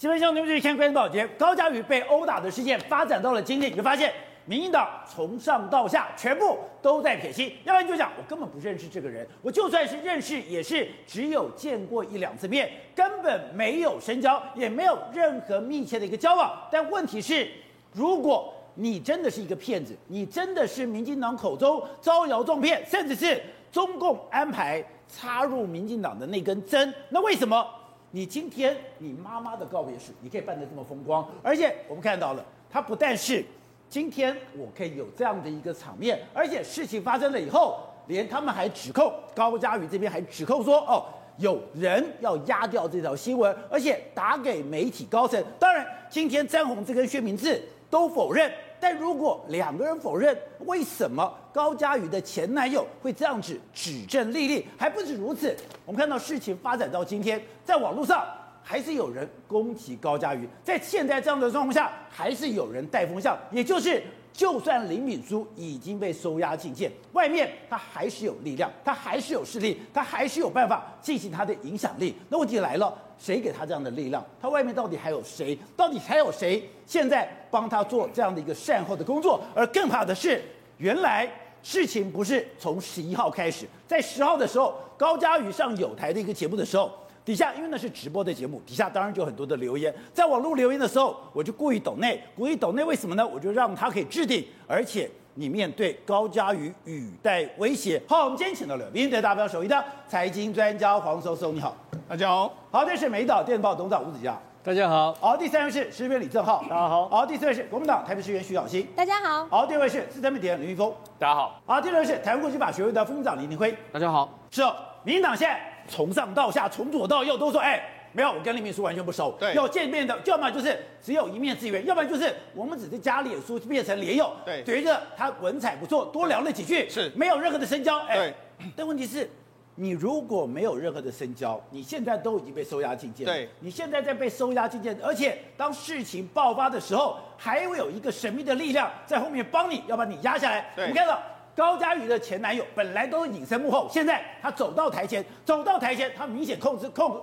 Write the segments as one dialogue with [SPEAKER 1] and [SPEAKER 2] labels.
[SPEAKER 1] 新聞兄弟們，今一天關注寶傑高嘉瑜被毆打的事件發展到了今天，你就發現民進黨從上到下全部都在撇清，要不然你就想，我根本不認識這個人，我就算是認識，也是只有見過一兩次面，根本沒有深交，也沒有任何密切的一個交往。但問題是，如果你真的是一個騙子，你真的是民進黨口中招搖撞騙，甚至是中共安排插入民進黨的那根針，那為什麼？你今天你媽媽的告別式，你可以辦得這麼風光，而且我們看到了，他不但是今天我可以有這樣的一個場面，而且事情發生了以後，連他們還指控高嘉瑜這邊還指控說，哦，有人要壓掉這條新聞，而且打給媒體高層。當然，今天詹宏志跟宣明智都否認。但如果兩個人否認，為什麼高嘉瑜的前男友會這樣子指證歷歷？還不止如此，我們看到事情發展到今天，在網絡上還是有人攻擊高嘉瑜，在現在這樣的狀況下，還是有人帶風向，也就是就算林秉樞已經被收押禁見，外面他還是有力量，他還是有勢力，他還是有辦法進行他的影響力。那問題來了。誰給他這樣的力量？他外面到底還有誰？到底還有誰現在幫他做這樣的一個善後的工作？而更可怕的是，原來事情不是從十一號開始，在十號的時候，高嘉瑜上友台的一個節目的時候，底下因為那是直播的節目，底下當然就有很多的留言，在網路留言的時候，我就故意抖內，故意抖內，為什麼呢？我就讓他可以置頂，而且。你面對高嘉瑜語帶威脅。好，我們今天請到立委、代表、手藝的財經專家黃世聰，你好，大家好。好，這是美麗島電子報董事長吳子嘉，大家好。好，第三位是時事李正皓，大家好。好，第四位是國民黨台北市議員徐巧芯，大家好。好，第二位是資深媒體人林玉峰，大家好。好，第六位是台灣國際法學會的副會長林廷輝，大家好。是民進黨線從上到下，從左到右都說，哎。沒有，我跟林秉樞完全不熟。對，要見面的，就要麼就是只有一面之緣，要不然就是我們只是加臉書變成臉友，對覺得他文采不錯，多聊了幾句，是沒有任何的深交。對，哎、對但問題是，你如果沒有任何的深交，你現在都已經被收押禁見了對，你現在在被收押禁見而且當事情爆發的時候，還會有一個神秘的力量在後面幫你要把你壓下來。對，你看到高嘉瑜的前男友本來都是隱身幕後，現在他走到台前，走到台前，他明顯控制控制。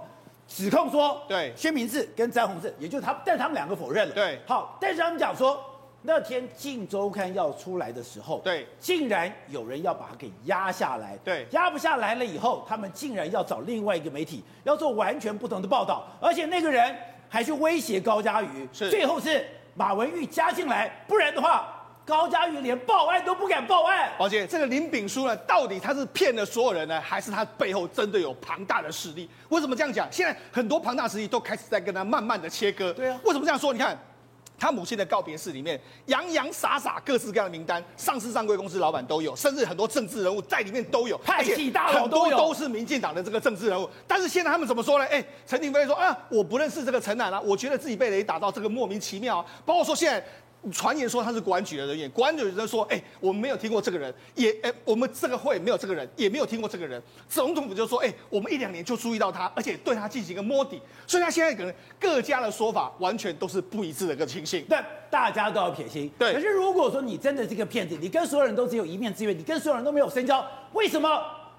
[SPEAKER 1] 指控說，對，宣明智跟詹宏志，也就他，但他們兩個否認了，對，好，但是他們講說，那天《鏡週刊》要出來的時候，對，竟然有人要把它給壓下來，對，壓不下來了以後，他們竟然要找另外一個媒體，要做完全不同的報道，而且那個人還去威脅高嘉瑜，是，最後是馬文鈺加進來，不然的話。高嘉瑜連報案都不敢報案，寶傑，這個林秉樞呢？到底他是騙了所有人呢，還是
[SPEAKER 2] 他背後真的有龐大的勢力？為什麼這樣講？現在很多龐大勢力都開始在跟他慢慢的切割。對啊。為什麼這樣說？你看，他母親的告別式裡面洋洋灑灑各式各樣的名單，上市上櫃公司老闆都有，甚至很多政治人物在裡面都有，派大，而且很多都是民進黨的這個政治人物。但是現在他們怎麼說呢？哎、欸，陳廷飛說：“啊，我不認識這個陳楠啊，我覺得自己被雷打到這個莫名其妙、啊。”包括說現在。傳言說他是國安局的人員，國安局的人就說：“哎、欸，我們沒有聽過這個人，也哎、欸，我們這個會沒有這個人，也沒有聽過這個人。”總統府就說：“哎、欸，我們一兩年就注意到他，而且對他進行一個摸底。”所以，他現在可能各家
[SPEAKER 1] 的說法完全都是不一致的一個情形。但大家都要撇清。對。可是，如果說你真的是個騙子，你跟所有人都只有一面之緣，你跟所有人都沒有深交，為什麼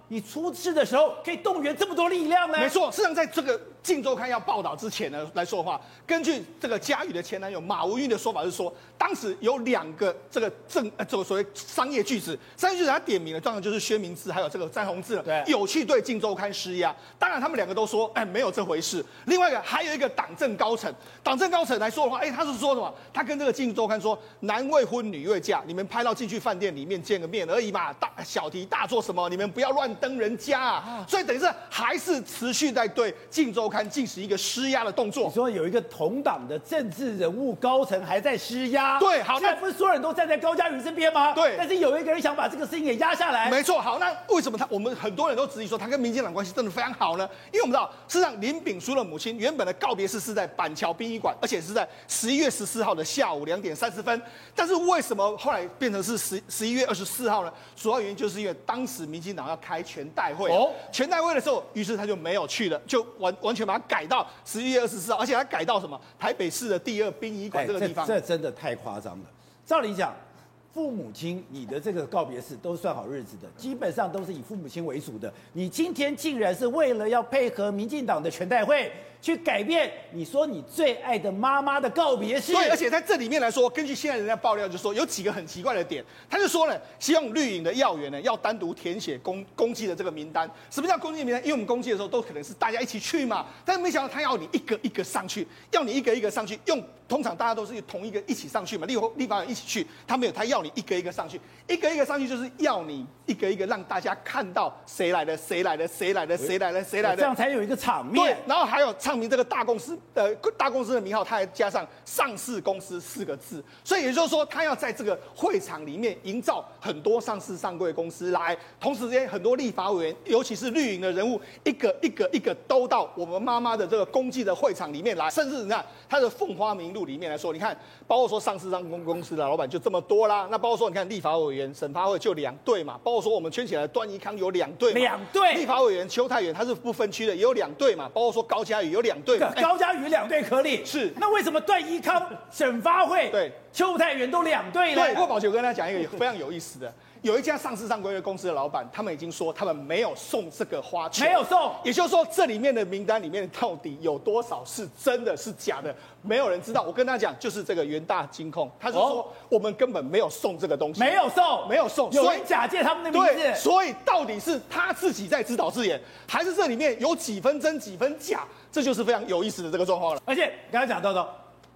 [SPEAKER 1] 你出事的時候可以動員這麼多力量呢？沒錯，是在這個。鏡週刊》要報道之前呢來說的話，
[SPEAKER 2] 根據這個嘉瑜的前男友馬文鈺的說法是說，當時有兩個這個政，呃，這個所謂商業巨子，商業巨子他點名的狀況就是宣明智還有這個詹宏志，對，有去對《鏡週刊》施壓。當然他們兩個都說，哎、欸，沒有這回事。另外一個還有一個黨政高層，黨政高層來說的話，哎、欸，他是說什麼？他跟這個《鏡週刊》說，男未婚女未嫁，你們拍到進去飯店裡面見個面而已嘛，大小題大做什麼？你們不要亂登人家啊！啊所以等於是還是持續在對《鏡週刊》進行一個施壓的動作。你說有一個
[SPEAKER 1] 同黨的政治人物高層還在施壓，對，好，現在不是所有人都站在高嘉瑜身邊嗎？對，但是有一個人想把這個事情給壓下來，沒錯。好，那為什麼他我們很多人都質疑
[SPEAKER 2] 說他跟民進黨關係真的非常好呢？因為我們知道，事實上林秉樞的母親原本的告別式是在板橋殯儀館，而且是在十一月十四號的下午兩點三十分。但是為什麼後來變成是十十一月二十四號呢？主要原因就是因為當時民進黨要開全代會，哦，全代會的時候，於是他就沒有去了，就完完全。把它改到十一月二十四號，而且它改到
[SPEAKER 1] 什麼？台北市的第二殯儀館這個地方、哎這，這真的太誇張了。照理講，父母親你的這個告別式都是算好日子的，基本上都是以父母親為主的。你今天竟然是為了要配合民進黨的全代會？去改變你說你最愛的媽媽的告別式。對，而且在這裡面來說，根據現在人家爆料，就說有幾個很奇怪
[SPEAKER 2] 的點，他就說了，希望綠營的要員呢要單獨填寫公公祭的這個名單。什麼叫公祭名單？因為我們公祭的時候都可能是大家一起去嘛，但是沒想到他要你一個一個上去，要你一個一個上去。用通常大家都是同一個一起上去嘛，立立法一起去，他沒有，他要你一個一個上去，一個一個上去就是要你一個一個讓大家看到誰來的，誰來的，誰來的，誰來的，誰、欸、來的，這樣才有一個場面。對，然後還有唱。明這個大公司呃，大公司的名號，他還加上上市公司四個字，所以也就是說，他要在這個會場裡面營造很多上市上櫃公司來。同時間，很多立法委員，尤其是綠營的人物，一個一個一個都到我們媽媽的這個公祭的會場裡面來。甚至你看他的奉花名錄裡面來說，你看包括說上市上公公司的老闆就這麼多啦。那包括說你看立法委員沈發惠就兩對嘛，包括說我們圈起來段宜康有兩對，兩對立法委員邱泰源他是不分區的也有兩對嘛，包括說高嘉瑜有。兩對，高嘉瑜兩對顆粒，是、哎，那為什麼段宜康會、沈發惠、邱對泰源都兩對呢？不過寶傑跟他講一個非常有意思的。 有一家上市上櫃公司的老板，他們已經說他們沒有送這個花圈，沒有送，也就是說這裡面的名單裡面到底有多少是真的，是假的，沒有人知道。我跟他講，就是這個元大金控，他是說我們根本沒有送這個東西，沒有送，沒有送，所以有人假借他們的名字，對，所以到底是他自己在自導自
[SPEAKER 1] 演，還是這裡面有幾分真幾分假？這就是非常有意思的這個狀況了。而且跟他講，豆豆，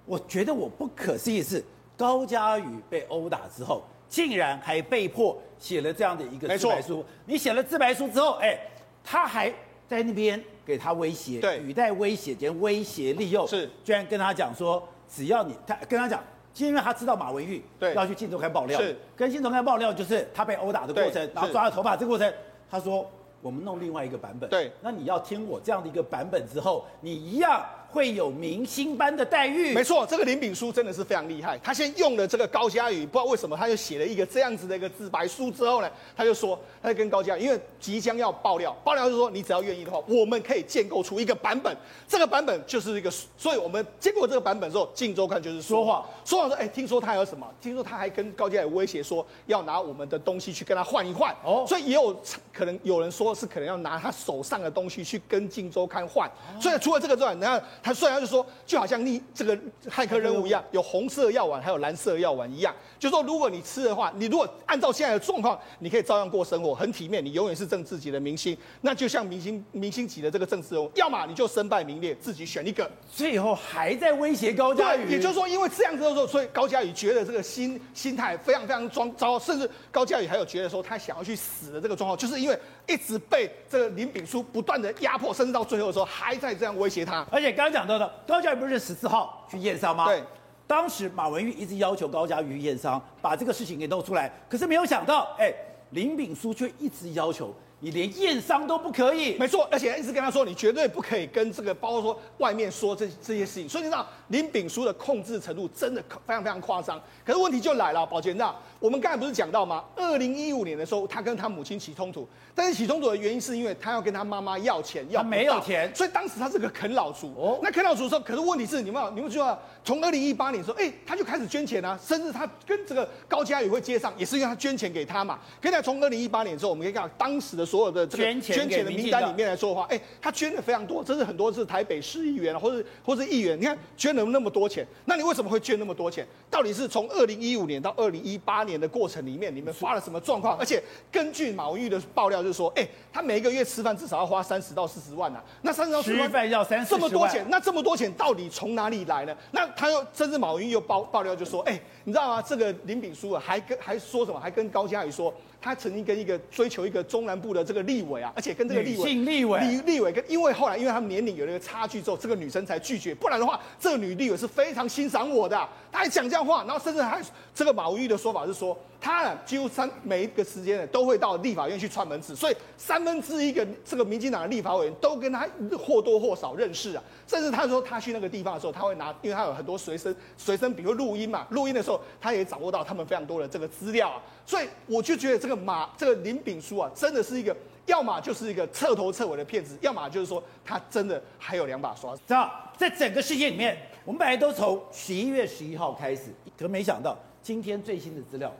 [SPEAKER 1] 我覺得我不可思議的是，高嘉瑜被毆打之後。竟然還被迫寫了這樣的一個自白書。錯你寫了自白書之後，哎、欸，他還在那邊給他威脅，對，語帶威脅兼威脅利誘，是，居然跟他講說，只要你他跟他講，今天他知道馬文鈺對要去鏡頭看爆料，是，跟鏡頭看爆料就是他被毆打的過程，對然後抓了頭髮這個過程，是他說我們弄另外一個版本，對，那你要聽我這樣的一個版本之後，你一樣會有明星
[SPEAKER 2] 般的待遇，嗯，沒錯，這個林秉樞真的是非常厲害。他先用了這個高嘉瑜，不知道為什麼，他就寫了一個這樣子的一個自白書之後呢，他就說，他就跟高嘉瑜，因為即將要爆料，爆料就是說，你只要願意的話，我們可以建構出一個版本，這個版本就是一個，所以我們建過這個版本之後，鏡周刊就是說話，說，說話說，哎、欸，聽說他有什麼，聽說他還跟高嘉瑜威脅說，要拿我們的東西去跟他換一換，哦，所以也有可能有人說是可能要拿他手上的東西去跟鏡周刊換，哦，所以除了這個之外，你看。他雖然就就說，就好像你這個駭客任務一樣，有紅色藥丸，還有藍色藥丸一樣。就是說如果你吃的話，你如果按照現在的狀況，你可以照樣過生活，很體面，你永遠是政治級的明星。那就像明星明星級的這個政治人物，要麼你就身敗名裂，自己選一個。最後還在威脅高嘉瑜，也就是說，因為這樣子的時候，所以高嘉瑜覺得這個心心態非常非常裝糟，甚至高嘉瑜還有覺得說他想要去死的這個狀況，就是因為一直被這個
[SPEAKER 1] 林秉樞不斷的壓迫，甚至到最後的時候還在這樣威脅他，而且剛。講到的高嘉瑜不是十四號去驗傷嗎？對，當時馬文鈺一直要求高嘉瑜驗傷，把這個事情給弄出來。可是沒有想到，哎、欸，林秉樞卻一直要求你連驗傷都不可以。沒錯，而且一直跟他說，你絕對不可以跟這個，包括說外面說這些這些事情。所以你知
[SPEAKER 2] 道林秉樞的控制程度真的非常非常誇張。可是問題就來了，寶傑那。我們剛才不是講到嗎？二零一五年的時候，他跟他母親起衝突，但是起衝突的原因是因為他要跟他媽媽要錢，要他沒有錢。所以當時他是個啃老族。哦，那啃老族說，可是問題是，你們，你們知道，從二零一八年說，哎、欸，他就開始捐錢啊，甚至他跟這個高嘉瑜會接上，也是因為他捐錢給他嘛。可以從二零一八年之後，我們可以看到當時的所有的捐捐錢的名單裡面來說的話，哎、欸，他捐的非常多，真是很多是台北市議員、啊，或者或者議員，你看捐了那麼多錢，那你為什麼會捐那麼多錢？到底是從二零一五年到二零一八年？的過程裡面，你們發了什麼狀況？而且根據馬文鈺的爆料，就是說，哎、欸，他每個月吃飯至少要花三十到四十萬吶、啊。那三十到四十萬，要三十這麼多錢，萬那這麼多錢到底從哪裡來呢？那他又，真是馬文鈺又爆爆料，就說，哎、欸，你知道嗎？這個林秉樞啊，還跟還說什麼？還跟高嘉瑜說。他曾經跟一個追求一個中南部的這個立委啊，而且跟這個立委，女性立委立，立委跟，因為後來因為他們年齡有了一個差距之後，這個女生才拒絕，不然的話，這個女立委是非常欣賞我的，她還講這樣話，然後甚至還這個馬文鈺的說法是說。他呢，幾乎三每一個時間呢，都會到立法院去串門子，所以三分之一個這個民進黨的立法委員都跟他或多或少認識啊。甚至他說他去那個地方的時候，他會拿，因為他有很多隨身隨身，比如錄音嘛，錄音的時候他也掌握到他們非常多的這個資料啊。所以我就覺得這個馬這個林秉樞啊，真的是一個，要麼就是一個徹
[SPEAKER 1] 頭徹尾的騙子，要麼就是說他真的還有兩把刷子。那在整個事件裡面，我們本來都從十一月十一號開始，可沒想到今天最新的資料。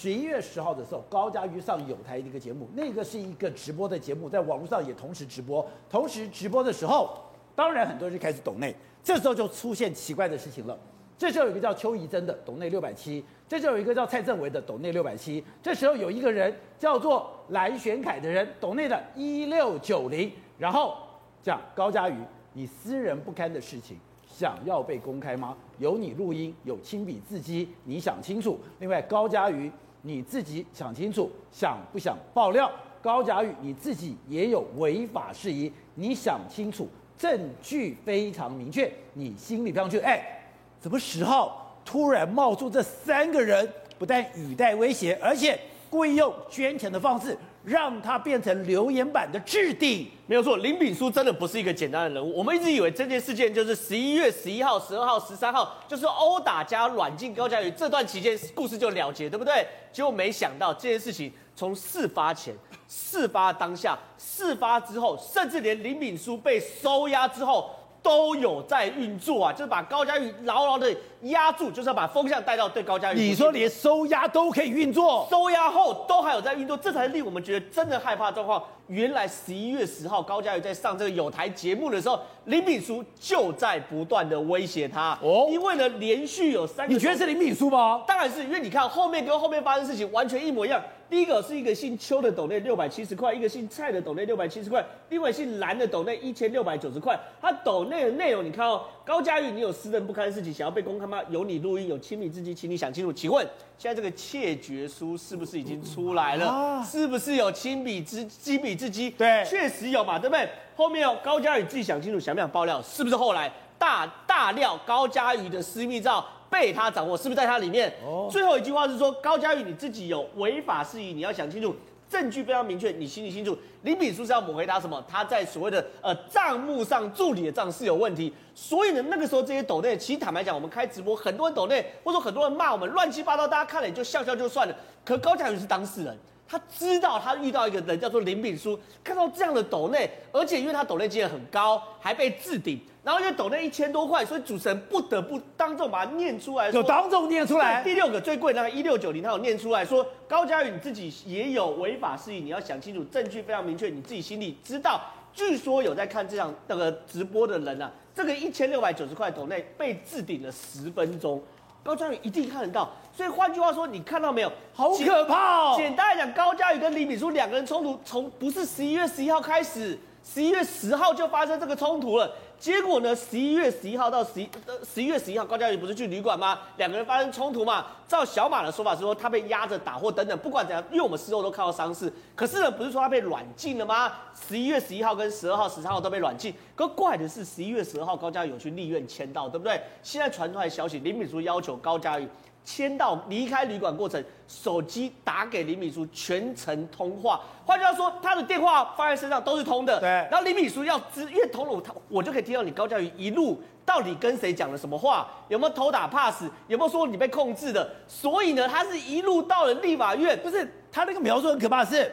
[SPEAKER 1] 十一月十號的時候，高嘉瑜上友台的一個節目，那個是一個直播的節目，在網絡上也同時直播。同時直播的時候，當然很多人就開始抖內，這時候就出現奇怪的事情了。這時候有一個叫邱怡真的抖內六百七，這時候有一個叫蔡振偉的抖內六百七。這時候有一個人叫做藍玄凱的人抖內的一六九零，然後講高嘉瑜，你私人不堪的事情想要被公開嗎？有你錄音，有親筆字跡，你想清楚。另外高嘉瑜。你自己想清楚，想不想爆料？高嘉瑜，你自己也有違法事宜，你想清楚，證據非常明確，你心裡不要去哎，欸、什麼時候突然冒出這三個人？不但語帶威脅，而且故意用捐錢的方式。讓它變成留言板的質地，
[SPEAKER 3] 沒有錯。林秉樞真的不是一個簡單的人物。我們一直以為這件事件就是十一月十一號、十二號、十三號，就是毆打加軟禁高嘉瑜這段期間故事就了結，對不對？結果沒想到這件事情從事發前、事發當下、事發之後，甚至連林秉樞被收押之後。都有在運作啊，就是把高嘉瑜牢牢的壓住，就是要把風向帶到對高嘉瑜。你說
[SPEAKER 1] 連收押都可以運
[SPEAKER 3] 作，收押後都還有在運作，這才令我們覺得真的害怕的狀況。原來十一月十號高嘉瑜在上這個友台節目的時候，林秉樞就在不斷的威脅他。哦，因為呢，連續有三,三，你覺得是林秉樞嗎？當然是，是因為你看後面跟後面發生事情完全一模一樣。第一個是一個姓邱的抖內六百七十塊，一個姓蔡的抖內六百七十塊，另外姓藍的抖內一千六百九十塊。他抖內的內容，你看哦，高嘉瑜，你有私人不堪的事情想要被公開嗎？有你錄音有親筆字跡，請你想清楚。請問現在這個切結書是不是已經出來了？啊、是不是有親筆字親筆字迹？對，確實有嘛，對不對？後面哦，高嘉瑜自己想清楚，想不想爆料？是不是後來大大料高嘉瑜的私密照？被他掌握是不是在他裡面？哦、最後一句話是說高嘉瑜，你自己有違法事宜，你要想清楚，證據非常明確，你心裡清楚。林秉樞是要我們回答什麼？他在所謂的呃賬目上助理的賬是有問題，所以呢，那個時候這些抖內，其實坦白講，我們開直播，很多人抖內或者說很多人罵我們亂七八糟，大家看了也就笑笑就算了。可高嘉瑜是當事人。他知道他遇到一個人叫做林秉樞，看到這樣的抖內，而且因為他抖內金額很高，還被置頂，然後因為抖內一千多塊，所以主持人不得不當眾把它念出來，就當眾念出來。第六個最貴那個一六九零，他有念出來說，高嘉瑜你自己也有違法事宜，你要想清楚，證據非常明確，你自己心裡知道。據說有在看這樣那個直播的人啊，這個一千六百九十塊的抖內被置頂了十分鐘。高嘉瑜一定看得到，所以換句話說，你看到沒有？好可怕哦！簡，簡單來講，高嘉瑜跟李敏珠兩個人衝突，從不是十一月十一號開始，十一月十號就發生這個衝突了。結果呢？十一月十一號到十十一月十一號，高嘉瑜不是去旅館嗎？兩個人發生衝突嘛？照小馬的說法是說，他被壓着打或等等，不管怎樣，因為我們事後都看到傷勢。可是呢，不是說他被軟禁了嗎？十一月十一號跟十二號、十三號、號都被軟禁。可怪的是，十一月十二號高嘉瑜有去立院簽到，對不對？現在傳出來的消息，林秉樞要求高嘉瑜，簽到離開旅館過程，手機打給林秉樞全程通話。換句話說，他的電話放在身上都是通的。對。然後林秉樞要知，因為通了我，我就可以聽到你高嘉瑜一路到底跟誰講了什麼話，有沒有偷打 pass，有沒有說你被控制的。所以呢，他是一路到了立
[SPEAKER 1] 法院。不是，他那個描述很可怕的是，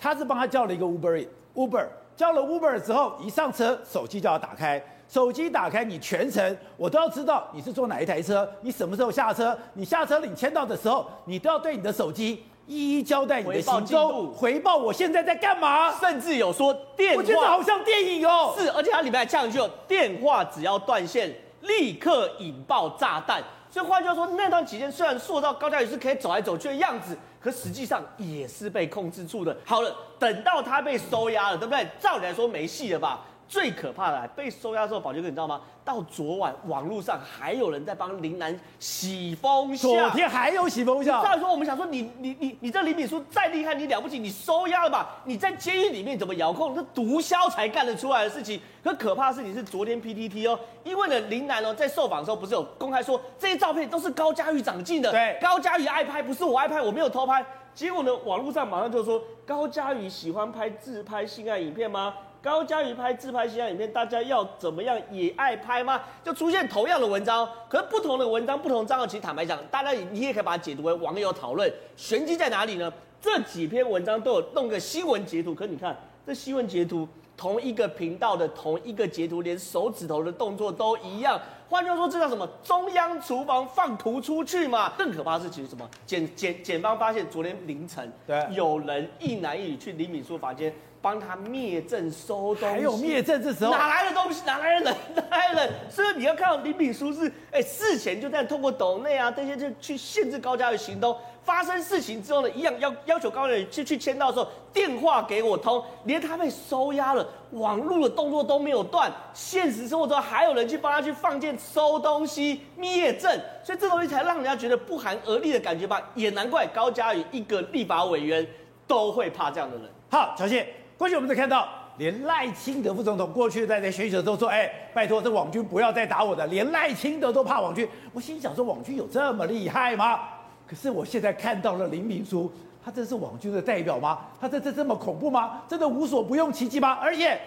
[SPEAKER 1] 他是幫他叫了一個 Uber，Uber 叫了 Uber 之後，一上車手機就要打開。手機打開，你全程我都要知道你是坐哪一台車，你什麼時候下車，你下車了你簽到的時候，你都要對你的手機一一交代你的行蹤，回報，回報我現在在幹嘛。甚至有說電
[SPEAKER 3] 話，我覺得好像電影哦、喔。是，而且它裡面還加了一句哦，電話只要斷線，立刻引爆炸彈。所以換話就說，那段期間雖然塑造高嘉瑜是可以走來走去的樣子，可實際上也是被控制住的。好了，等到他被收押了，對不對？照理來說沒戲了吧？最可怕的，被收押之後，寶傑哥，你知道嗎？到昨晚，網絡上還有人在幫林楠洗風向。昨天還有洗風向。再說，我們想說你，你你你你這林敏書再厲害，你了不起，你收押了吧？你在監獄裡面怎麼遙控？這毒梟才幹得出來的事情。可可怕的是，你是昨天 P T T 哦，因為呢，林楠哦，在受訪的時候不是有公開說，這些照片都是高佳玉掌鏡的。對，高佳玉愛拍，不是我愛拍，我沒有偷拍。結果呢，網絡上馬上就說，高佳玉喜歡拍自拍性愛影片嗎？高嘉瑜拍自拍性愛影片，大家要怎麼樣也愛拍嗎？就出現同樣的文章，可是不同的文章，不同賬號。其實坦白講，大家你也可以把它解讀為網友討論。玄機在哪裡呢？這幾篇文章都有弄個新聞截圖，可是你看這新聞截圖，同一個頻道的同一個截圖，連手指頭的動作都一樣。換句話說，這叫什麼？中央廚房放圖出去嘛？更可怕的是，其實什麼？檢檢檢方發現，昨天凌晨，對，有人一男一女去林秉樞房間。幫他滅證收東西，還有滅證，這時候哪來的東西？哪來的人？哪來的？所以你要看到林秉樞是，哎，事前就在通過斗內啊這些就去限制高嘉瑜行動。發生事情之後呢，一樣要要求高嘉瑜去去簽到的時候，電話給我通，連他被收押了，網路的動作都沒有斷。現實生活中還有人去幫他去放箭收東西滅證，所以這東西才讓人家覺得不寒而慄的感覺吧。也難怪高嘉瑜
[SPEAKER 1] 一個立法委員都會怕這樣的人。好，巧芯。過去我們就看到，連賴清德副總統過去在在選舉都說：“哎、欸，拜託這網軍不要再打我的。”連賴清德都怕網軍，我心想說：“網軍有這麼厲害嗎？”可是我現在看到了林秉樞，他真是網軍的代表嗎？他這這這麼恐怖嗎？真的無所不用其極嗎？而且，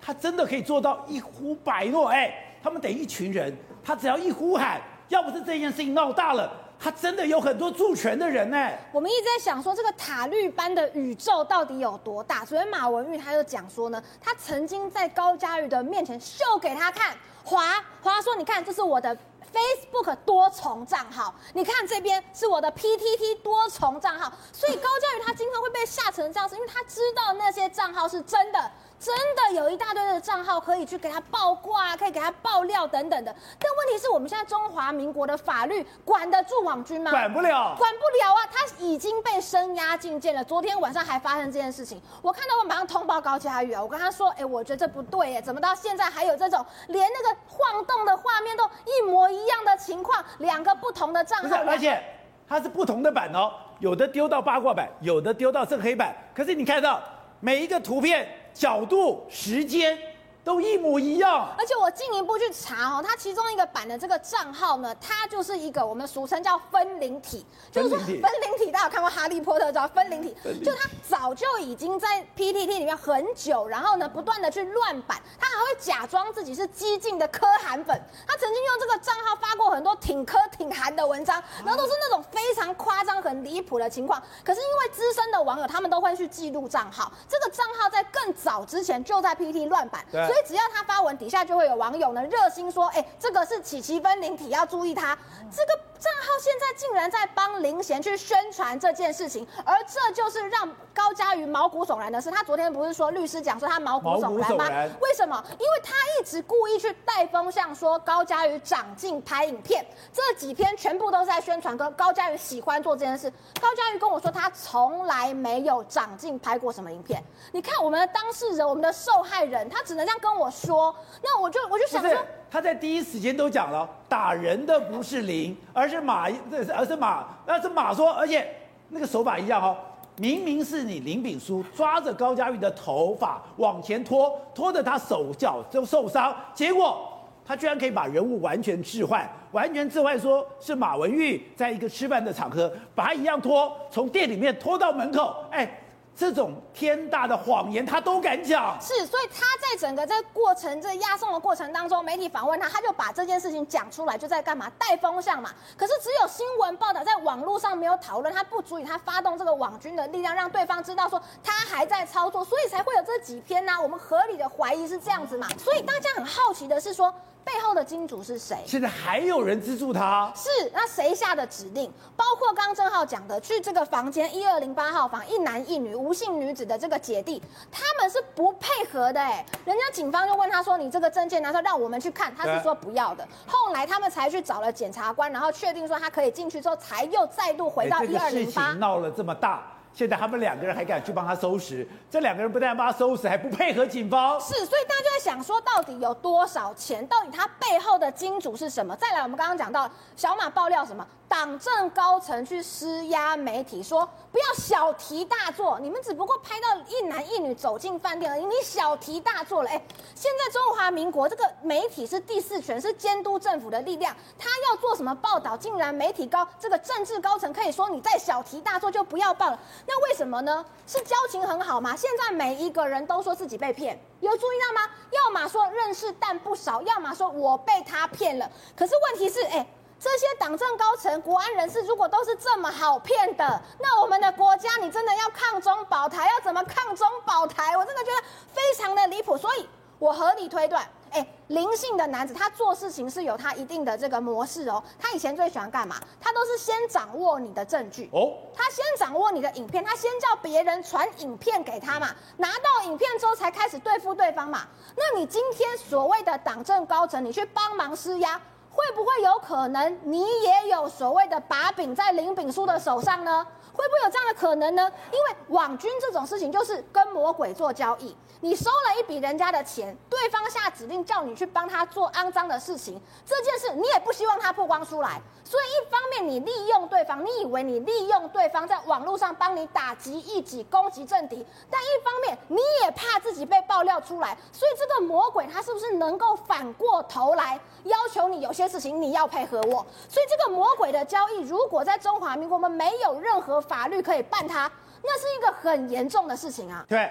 [SPEAKER 1] 他真的可以做到一呼百諾？哎、欸，他們得一群人，他只要一呼喊，要不是這件事情鬧大了，他真的有很多助拳的人呢、欸。
[SPEAKER 4] 我們一直在想說，這個塔綠班的宇宙到底有多大？所以馬文鈺他就講說呢，他曾經在高嘉瑜的面前秀給他看，華華說：“你看，這是我的 Facebook 多重賬號，你看這邊是我的 PTT 多重賬號。”所以高嘉瑜他經常會被嚇成這樣子，因為他知道那些賬號是真的。真的有一大堆的賬號可以去給他爆掛啊，可以給他爆料等等的。但問題是我們現在中華民國的法律管得住網軍嗎？管不了，管不了啊！他已經被聲押禁見了。昨天晚上還發生這件事情，我看到我馬上通報高嘉瑜啊，我跟他說，哎、欸，我覺得這不對、欸、怎麼到現在還有這種連那個晃動的畫面都一模一樣的情況？兩個不同的賬號、啊，不是、啊，而且
[SPEAKER 1] 他是不同的版哦，有的丟到八卦版，有的丟到正黑版。可是你看到每一個圖片，角度、時間，都一模一樣，
[SPEAKER 4] 而且我進一步去查哦，他其中一個版的這個賬號呢，它就是一個我們俗稱叫分靈體，體就是說分靈體，大家有看過《哈利波特》知道分靈體，體就他早就已經在 PTT 裡面很久，然後呢不斷的去亂版，他還會假裝自己是激進的柯韓粉，他曾經用這個賬號發過很多挺柯挺韓的文章，啊、然後都是那種非常誇張、很離譜的情況。可是因為資深的網友，他們都會去記錄賬號，這個賬號在更早之前就在 PTT 亂版，對所以。只要他發文，底下就會有網友呢熱心說：“哎、欸，這個是起起分靈體，要注意他這個賬號。”現在竟然在幫林賢去宣傳這件事情，而這就是讓高嘉瑜毛骨悚然的事。他昨天不是說律師講說他毛骨悚然嗎？然為什麼？因為他一直故意去帶風向，說高嘉瑜掌鏡拍影片，這幾天全部都是在宣傳，跟高嘉瑜喜歡做這件事。高嘉瑜跟我說，他從來沒有掌鏡拍過什麼影片。你看，我們的當事人，我們的受害人，他只能讓。跟我說，那我就我就想說，
[SPEAKER 1] 他在第一時間都講了，打人的不是林，而是馬，這而是馬，那是馬說，而且那個手法一樣哈、哦，明明是你林秉樞抓着高嘉瑜的頭髮往前拖，拖得他手腳都受傷，結果他居然可以把人物完全置換，完全置換說是馬文鈺在一個吃飯的場合把他一樣拖，從店裡面拖到門口，嗯、哎。這種天大的謊言，他都敢講。
[SPEAKER 4] 是，所以他在整個這個過程這個、押送的過程當中，媒體訪問他，他就把這件事情講出來，就在幹嘛？帶風向嘛。可是只有新聞報道在網絡上沒有討論，他不足以他發動這個網軍的力量，讓對方知道說他還在操作，所以才會有這幾篇呢、啊。我們合理的懷疑是這樣子嘛。所以大家很好奇的是說。背後的金主是誰？現
[SPEAKER 1] 在還有人資助他？
[SPEAKER 4] 是，那誰下的指令？包括剛剛正皓講的，去這個房間一二零八號房，一男一女，吳姓女子的這個姐弟，他們是不配合的。哎，人家警方就問他說：“你這個證件拿出來，讓我們去看。”他是說不要的。對後來他們才去找了檢察官，然後確定說他可以進去之後，才又再度回到一二零八。欸，這個事情
[SPEAKER 1] 鬧了這麼大。現在他們兩個人還敢去幫他收拾？這兩個人不但幫他收拾，還不配合警
[SPEAKER 4] 方。是，所以大家就在想，說到底有多少錢？到底他背後的金主是什麼？再來，我們剛剛講到小馬爆料什麼？黨政高層去施壓媒體，說不要小題大做，你們只不過拍到一男一女走進飯店而已，你小題大做了。哎、欸，現在中華民國這個媒體是第四權，是監督政府的力量，他要做什麼報道，竟然媒體高這個政治高層可以說你再小題大做就不要報了。那為什麼呢？是交情很好嗎？現在每一個人都說自己被騙，有注意到嗎？要麼說認識但不熟，要麼說我被他騙了。可是問題是，哎、欸。這些黨政高層、國安人士，如果都是這麼好騙的，那我們的國家，你真的要抗中保台，要怎麼抗中保台？我真的覺得非常的離譜。所以，我合理推斷，哎、欸，林姓的男子，他做事情是有他一定的這個模式哦、喔。他以前最喜歡幹嘛？他都是先掌握你的證據哦，他先掌握你的影片，他先叫別人傳影片給他嘛，拿到影片之後才開始對付對方嘛。那你今天所謂的黨政高層，你去幫忙施壓，會不會有可能你也有所謂的把柄在林秉樞的手上呢？會不會有這樣的可能呢？因為網軍這種事情就是跟魔鬼做交易，你收了一筆人家的錢，對方下指令叫你去幫他做骯髒的事情，這件事你也不希望他曝光出來。所以一方面你利用對方，你以為你利用對方在網絡上幫你打擊異己、攻擊政敵，但一方面你也怕自己被爆料出來，所以這個魔鬼他是不是能夠反過頭來要求你有些事情你要配合我？所以這個魔鬼的交易，如果在中華民國我們沒有任何法律可以辦他，那是一個很嚴重的事情啊。
[SPEAKER 1] 對，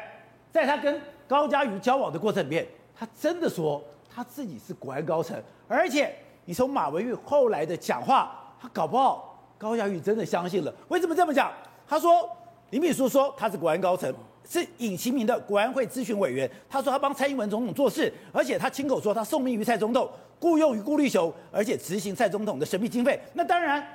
[SPEAKER 1] 在他跟高嘉瑜交往的過程裡面，他真的說他自己是國安高層，而且。你從馬文鈺後來的講話，他搞不好高嘉瑜真的相信了。為什麼這麼講？他說，林秉樞說他是國安高層，是尹其明的國安會諮詢委員。他說他幫蔡英文總統做事，而且他親口說他受命於蔡總統，僱傭於顧立雄，而且執行蔡總統的神秘經費。那當然，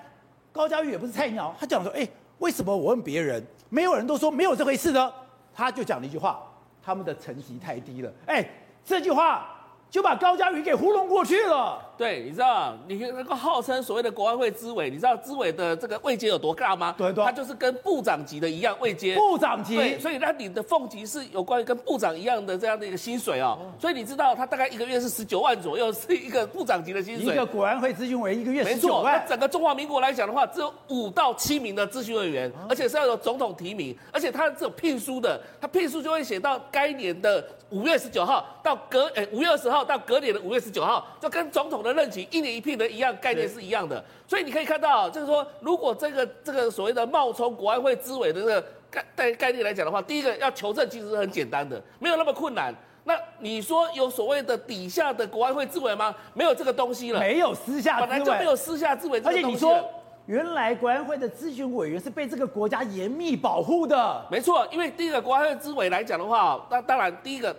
[SPEAKER 1] 高嘉瑜也不是菜鳥，他講說，哎，為什麼我問別人，沒有人都說沒有這回事呢？他就講了一句話，他們的層級太低了。哎，這句話就把高嘉瑜給糊弄過去了。
[SPEAKER 5] 對，你知道你那個號稱所謂的國安會諮委，你知道諮委的這個位階有多大嗎？對，對對，他就是跟部長級的一樣位階。部長級對，所以那你的俸級是有關於跟部長一樣的這樣的一個薪水哦。哦，所以你知道他大概一個月是十九萬左右，是一個部長級的薪水。一個
[SPEAKER 1] 國安會諮詢委，一個月十九萬，沒錯。
[SPEAKER 5] 整個中華民國來講的話，只有五到七名的諮詢委員，而且是要有總統提名，而且他只有聘書的，他聘書就會寫到該年的五月十九號到隔誒五月二十號到隔年的五月十九號，就跟總統的。任期一年一聘的一樣概念是一樣的，是所以你可以看到，就是說，如果這個這個所謂的冒充國安會諮委的這個概概概念來講的話，第一個要求證其實是很簡單的，沒有那麼困難。那你說有所謂的底下的國安會諮委嗎？沒有這個東西了，沒有私下，本來就沒有私下諮委。而且你說，
[SPEAKER 1] 原來國安會的諮詢委員是被這個國家嚴密保護的，
[SPEAKER 5] 沒錯。因為第一個國安會諮委來講的話，那當然第一個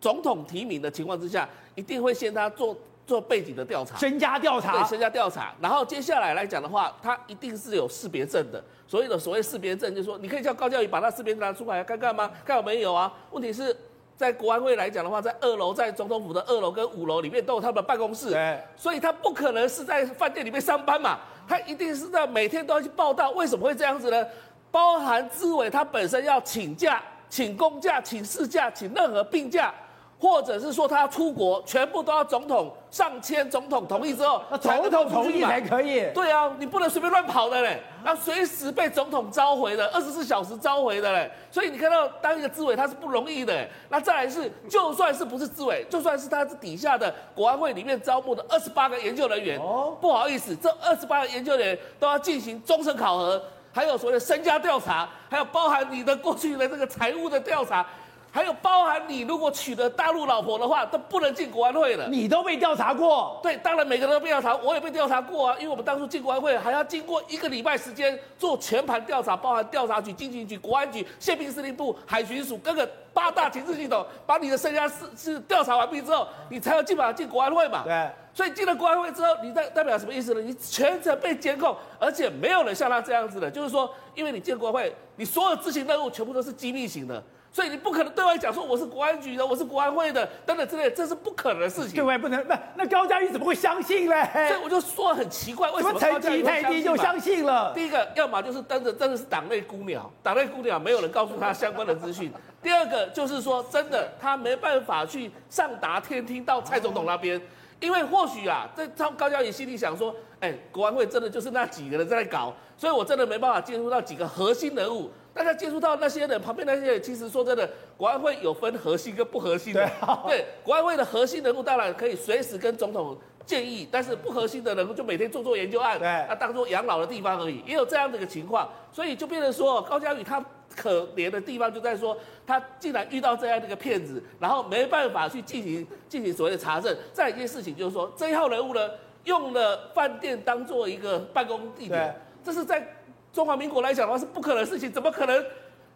[SPEAKER 5] 總統提名的情況之下，一定會先他做。做背景的調查，身家調查，對，身家調查。然後接下來來講的話，他一定是有識別證的。所謂的所謂識別證，就是說，你可以叫高嘉瑜把他識別拿出來，看看嗎？看有沒有啊？問題是在國安會來講的話，在二樓，在總統府的二樓跟五樓裡面都有他們的辦公室，哎對，所以他不可能是在飯店裡面上班嘛，他一定是在每天都要去報到。為什麼會這樣子呢？包含諮委他本身要請假，請公假，請事假，請任何病假。或者是說他要出國，全部都要總統上簽，總統同意之後，總統同意才可以。對啊，你不能隨便亂跑的嘞，那隨、啊、時被總統召回的，二十四小時召回的嘞。所以你看到當一個諮委，他是不容易的。那再來是，就算是不是諮委，就算是他是底下的國安會裡面招募的二十八個研究人員，哦、不好意思，這二十八個研究人員都要進行終身考核，還有所謂的身家調查，還有包含你的過去的這個財務的調查。還有，包含你如果娶了大陸老婆的話，都不能進國安會了。你都被調查過？對，當然每個人都被調查，我也被調查過啊。因為我們當初進國安會，還要經過一個禮拜時間做全盤調查，包含調查局、經濟局、國安局、憲兵司令部、海巡署各個八大情治系統，把你的身家是是調查完畢之後，你才有基本上進國安會嘛。對。所以進了國安會之後，你代代表什麼意思呢？你全程被監控，而且沒有人像他這樣子的，就是說，因為你進國安會，你所有執行任務全部都是機密型的。所以你不可能對外講說我是國安局的，我是國安會的，等等之類的，這是不可能的事情。對外不，不能，那那高嘉瑜怎麼會相信呢？所以我就說很奇怪，為什麼高嘉瑜太低就相信了？第一個，要麼就是真的真的是黨內孤鳥，黨內孤鳥，沒有人告訴他相關的資訊； 第二個就是說，真的他沒辦法去上達天聽到蔡總統那邊，因為或許啊，在高高嘉瑜心裡想說，哎，國安會真的就是那幾個人在搞，所以我真的沒辦法接觸到幾個核心人物。大家接觸到那些人，旁邊那些人其實說真的，國安會有分核心跟不核心的。對，哦、對，國安會的核心人物當然可以隨時跟總統建議，但是不核心的人物就每天做做研究案，那對、啊、當做養老的地方而已，也有這樣的一個情況。所以就變成說，高嘉瑜他可憐的地方就在說，他竟然遇到這樣的一個騙子，然後沒辦法去進行進行所謂的查證。再一件事情就是說，這一號人物呢，用了飯店當做一個辦公地點，對這是在。中華民國來講的話是不可能的事情，怎麼可能？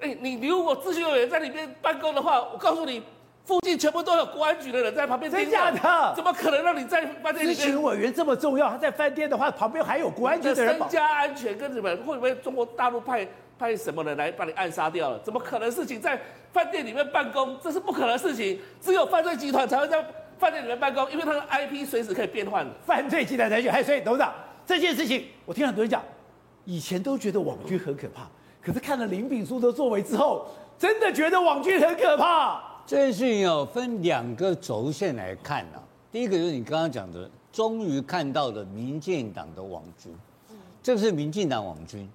[SPEAKER 5] 哎、欸，你你如果諮詢委員在裡面辦公的話，我告訴你，附近全部都有國安局的人在旁邊盯着。真假的？怎麼可能讓你在飯店？諮詢委員
[SPEAKER 1] 這麼重要，他在飯店的話，旁邊還有國安局的人增加
[SPEAKER 5] 安全，跟你們會不會中國大陸派派什麼人來把你暗殺掉了？怎麼可能的事情在飯店裡面辦公，這是不可能的事情。只有犯罪集團才會在飯店裡面辦公，因為他的 IP 隨時可以變換。犯罪集團才去，
[SPEAKER 1] 還有所以董事長這件事情，我聽很多人講。以前都覺得網軍很可怕，可
[SPEAKER 6] 是看了林秉樞
[SPEAKER 1] 的作為之後，真的覺得網軍很可怕。
[SPEAKER 6] 這件事情哦，分兩個軸線來看啊。第一個就是你剛剛講的，終於看到了民進黨的網軍，這是民進黨網軍，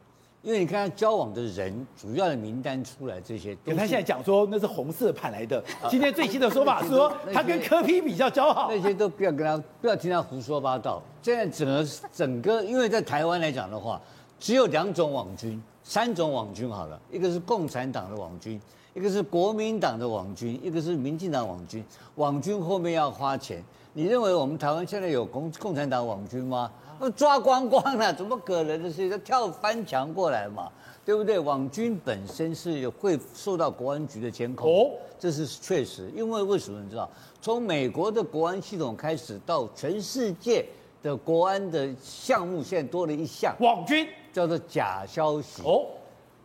[SPEAKER 6] 因為你看他交往的人主要的名單出來，這些，可他現在講說那是紅色派來的。今天最新的說法是說他跟柯 P 比較交好，啊那那。那些都不要跟他，不要聽他胡說八道。現在整個整個，因為在台灣來講的話，只有兩種網軍，三種網軍好了，一個是共產黨的網軍，一個是國民黨的網軍，一個是民進黨的網軍。網軍後面要花錢，你認為我們台灣現在有共共產黨網軍嗎？那抓光光了、啊，怎麼可能的事情？他跳翻牆過來嘛，對不對？網軍本身是會受到國安局的監控，這是確實。因為為什麼你知道？從美國的國安系統開始，到全世界的國安的項目，現在多了一項網軍。叫做假消息哦，oh?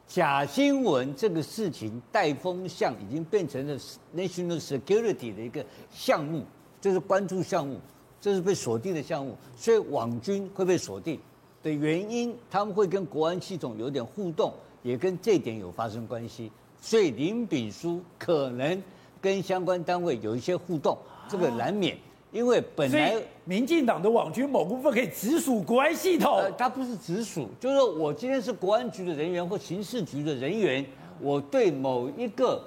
[SPEAKER 6] 假新聞這個事情帶風向已經變成了 national security 的一個項目，這是關注項目，這是被鎖定的項目，所以網軍會被鎖定的原因，他們會跟國安系統有點互動，也跟這點有發生關係，所以林秉樞可能跟相關單位有一些互動，這個難免。Oh? 因為本來民進黨的網軍某部分可以直屬國安系統，它、呃、不是直屬，就是說我今天是國安局的人員或刑事局的人員，我對某一個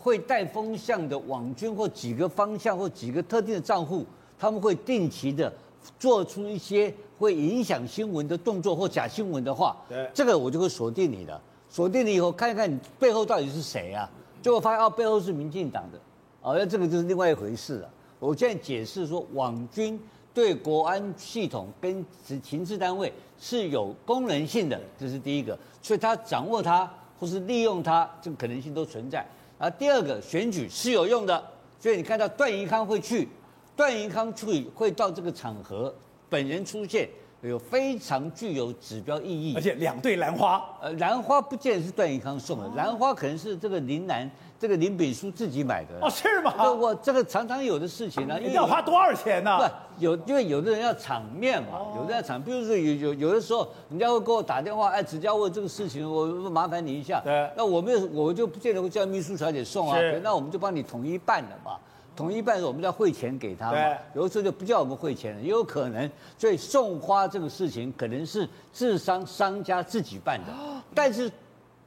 [SPEAKER 6] 會帶風向的網軍或幾個方向或幾個特定的賬戶，他們會定期的做出一些會影響新聞的動作或假新聞的話，對，這個我就會鎖定你了，鎖定你以後看一看你背後到底是誰啊，就會發現哦背後是民進黨的，哦那這個就是另外一回事了。我現在解釋說，網軍對國安系統跟情治單位是有功能性的，這是第一個，所以他掌握它或是利用它，這個可能性都存在。啊，第二個選舉是有用的，所以你看到段宜康會去，段宜康去會到這個場合本人出現。有非常具有指標意義，而且兩對蘭花。呃，蘭花不見得是段宜康送的，蘭、哦、花可能是這個林南這個林秉樞自己買的。哦，是嗎？我這個常常有的事情呢，啊，你要花多少錢呢，啊？不，有因為有的人要場面嘛，哦，有的人要場，比如說有有有的時候，人家會給我打電話，哎，指要問這個事情，我麻煩你一下。對。那我們我就不見得會叫秘書小姐送啊，是對那我們就幫你統一辦了嘛。統一辦，我們要匯錢給他嘛。有的時候就不叫我們匯錢了，也有可能。所以送花這個事情，可能是智商商家自己辦的。但是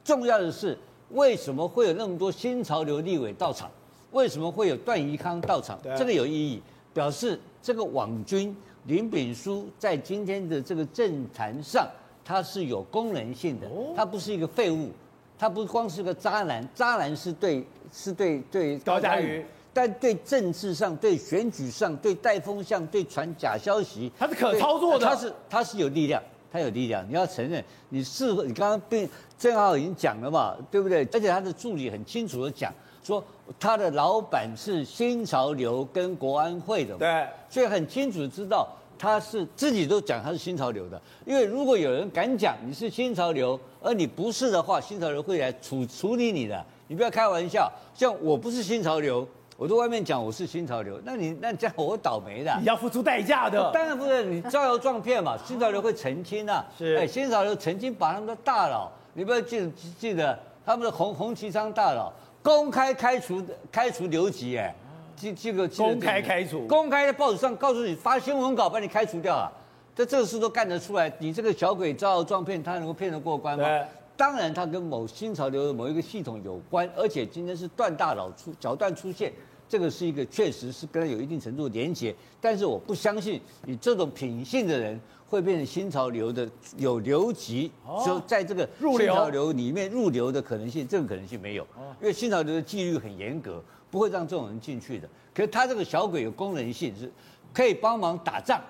[SPEAKER 6] 重要的是，為什麼會有那麼多新潮流立委到場？為什麼會有段宜康到場？這個有意義，表示這個網軍林秉樞在今天的這個政壇上，他是有功能性的，他不是一個廢物，他不光是個渣男，渣男是對，是對對高嘉瑜。但對政治上、對選舉上、對帶風向、對傳假消息，他是可操作的。他是他是有力量，他有力量。你要承認，你是你剛剛被正皓已經講了嘛，對不對？而且他的助理很清楚的講說，他的老闆是新潮流跟國安會的嘛，對，所以很清楚知道他是自己都講他是新潮流的。因為如果有人敢講你是新潮流，而你不是的話，新潮流會來處處理你的。你不要開玩笑，像我不是新潮流。我在外面講我是新潮流，那你那這樣我倒霉的，你要付出代價的。當然不是，你招搖撞騙嘛！新潮流會澄清啊，是，哎，新潮流曾經把他們的大佬，你不要記得記得他們的洪洪奇昌大佬公開開除開除流籍哎，這這個公開開除，開除公開在報紙上告訴你發新聞稿把你開除掉了，啊，在這個事都幹得出來，你這個小鬼招搖撞騙，他能夠騙得過關嗎？對當然，他跟某新潮流的某一個系統有關，而且今天是段大佬出小段出現。這個是一個確實是跟他有一定程度的連接，但是我不相信你這種品性的人會變成新潮流的有流級，所以在這個新潮流裡面入流的可能性，這種可能性沒有，因為新潮流的紀律很嚴格，不會讓這種人進去的。可是他這個小鬼有功能性，是可以幫忙打仗，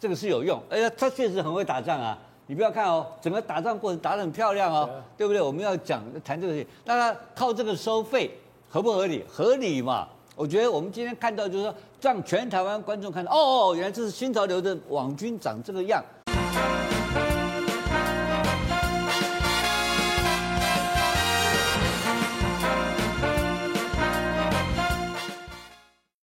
[SPEAKER 6] 這個是有用。哎呀，他確實很會打仗啊！你不要看哦，整個打仗過程打得很漂亮哦，對不對？我們要講談這個事情，那他靠這個收費合不合理？合理嘛？我覺得我們今天看到，就是說讓全台灣觀眾看到，哦，原來這是新潮流的網軍長這個樣。嗯